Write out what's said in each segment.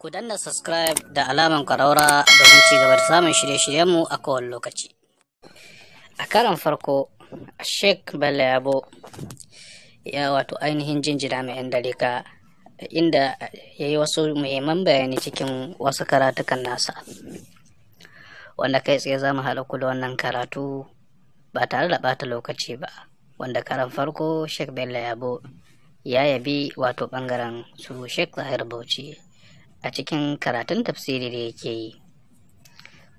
Ku danna subscribe da alaman ƙwararra domin ci gaba da samun shirye-shiryenmu a kowane lokaci. A karon farko, Sheikh Bello Yabo ya wato ainihin jinjina mai 'yan dalika inda ya yi wasu muhimman bayani cikin wasu karatukan nasa. Wanda kai tsaye za mu halaku da wannan karatu ba tare da bata lokaci ba. Wanda karan farko Sheikh Bello Yabo ya yabi wato ɓangaren su Sheikh Zahir Bauchi a cikin karatun tafsiri da yake yi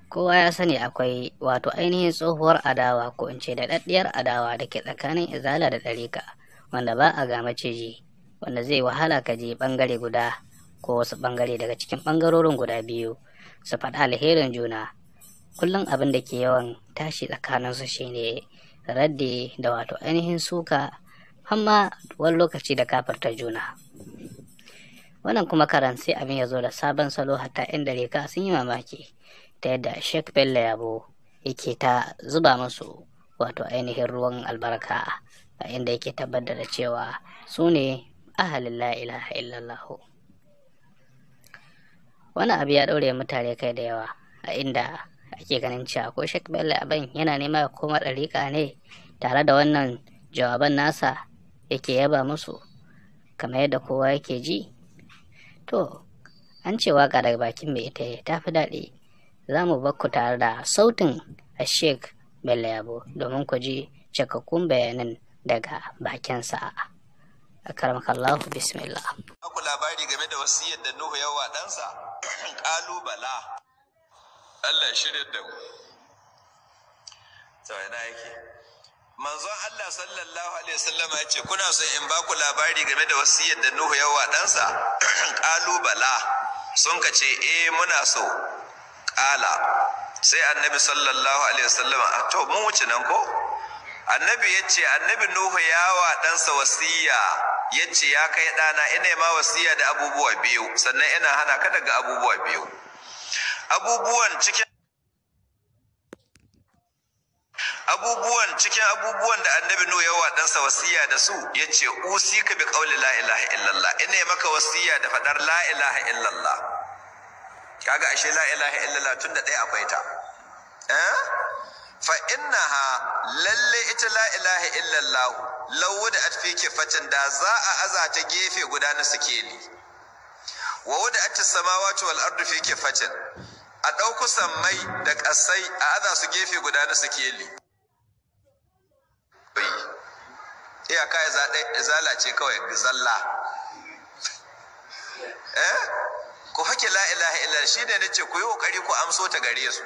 kowa ya sani akwai wato ainihin tsohuwar adawa ko in ce daɗaɗɗiyar adawa da ke tsakanin izala da ɗarika wanda ba a ga maciji wanda zai wahala ka je ɓangare guda ko wasu ɓangare daga cikin ɓangarorin guda biyu su faɗi alherin juna kullum abin da ke yawan tashi tsakaninsu shine raddi da wato ainihin suka amma wani lokaci da kafarta juna wannan kuma karan abin ya zo da sabon salo hatta inda reka sun yi mamaki ta yadda shek bello yabo yake ta zuba musu wato ainihin ruwan albarka a inda yake tabbatar da cewa su ne ahalin la ilaha illallah wani abu ya ɗaure mutane kai da yawa a inda ake ganin cewa ko shek bello abin yana nema ya koma ɗarika ne tare da wannan jawaban nasa yake yaba musu kamar yadda kowa yake ji To, an ce waka daga bakin mai ita ta fi daɗi. Za mu bakku tare da sautin a sheik Bello domin ku ji cikakkun bayanan daga bakinsa. karmakallahu bismillah. Aku labari game da wasu da Nuhu yawa ɗansa ƙalubala. Allah shirin da ku. yake. manzon Allah sallallahu alaihi wasallama ya ce kuna son in ba ku labari game da wasiyar da Nuhu ya wa ɗansa ƙalubala sun ka ce eh muna so ƙala sai annabi sallallahu alaihi wasallama a ah, to mun wuce nan ko annabi ya ce annabi Nuhu ya wa ɗansa wasiya ya ce ya kai ɗana ina ma wasiyya da abubuwa biyu sannan ina hana ka daga abubuwa biyu abubuwan cikin abubuwan cikin abubuwan da annabi nuhu ya wadansa wasiya da su ya ce usi ka bi ƙauli la ilaha illallah ina maka wasiya da fadar la ilaha illallah kaga ashe la ilaha illallah tun da ɗaya akwai ta eh fa innaha lalle ita la ilaha illallah lawu da atfi kifatin da za a aza ta gefe guda na sikeli wa wuda atis samawati wal ardu fi kifatin a ɗauku sammai da ƙasai a aza su gefe guda na sikeli iyaka ya zalace kawai zalla eh ku hake la ilaha illa shi ne nace ku yi kokari ku amso ta gare su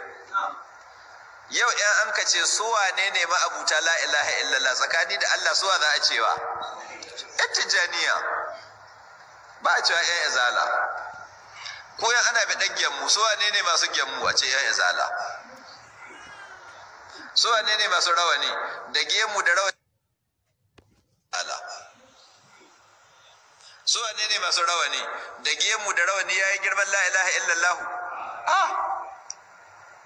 yau ɗan an kace ce suwa ne ne ma'abuta la ilaha illallah tsakani da Allah suwa za a cewa yan tijjaniya ba a cewa yan izala ko yan ana biɗan gyammu suwa ne ne masu gemu a ce yan izala suwa ne ne masu rawani da gemu da rawani ala su wane ne masu rawani da gemu da rawani ya yi girman la ilaha illallah ah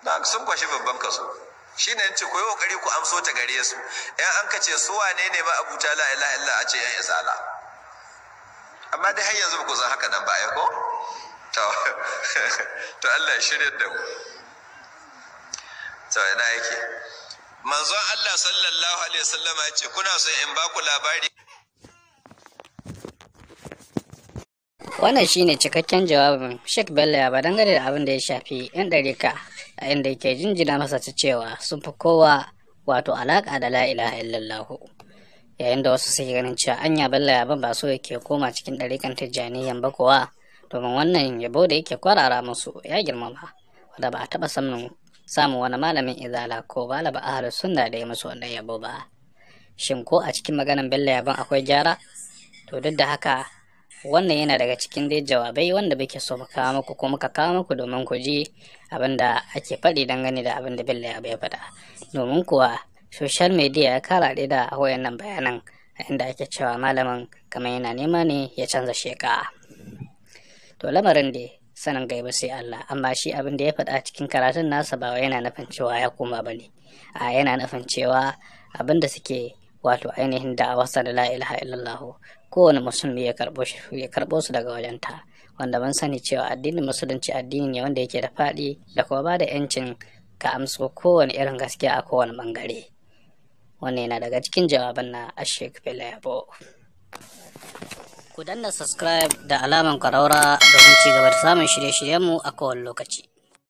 da sun kwashi babban kaso shi ne ce koyo kokari ku amso ta gare su yan an kace su wane ne ma abuta la ilaha illa a ce yan isala amma dai har yanzu ba ku san haka nan ba ai ko to Allah ya shirye da ku to ina yake manzon Allah sallallahu alaihi wasallama ya ce kuna son in ba ku labari wannan shine cikakken jawabin Sheikh Bello ya ba dangane da abin da ya shafi yan dariƙa a inda yake jinjina masa ta cewa sun fi kowa wato alaka da la ilaha illallah yayin da wasu suke ganin cewa anya Bello ya ba so yake koma cikin ɗarikan tijjaniyan ba kowa domin wannan yabo da yake kwarara musu ya girmama wanda ba a taɓa samun samun wani malamin izala ko balaba ahalus sunna da ya musu wannan yabo ba shin ko a cikin maganan bello yaban akwai gyara to duk da haka wannan yana daga cikin dai jawabai wanda bake so mu kawo muku ko muka kawo muku domin ku ji abin da ake faɗi gani da abin da bella ya bai faɗa domin kuwa social media ya kara da wayannan bayanan a inda ake cewa malamin kamar yana nema ne ya canza sheka to lamarin dai sanin gaiba sai Allah amma shi abin da ya faɗa cikin karatun nasa ba yana nufin cewa ya koma bane a yana nufin cewa abin da suke wato ainihin a da la ilaha illallah kowane musulmi ya shi ya karbo su daga wajen ta wanda ban sani cewa addinin musulunci addini ne wanda yake da faɗi da kuma ba da yancin ka amsa kowane irin gaskiya a kowane bangare wannan yana daga cikin jawaban na ashek yabo Ku danna subscribe da alaman ƙaraura domin ci gaba da samun shirye-shiryenmu a kowane lokaci.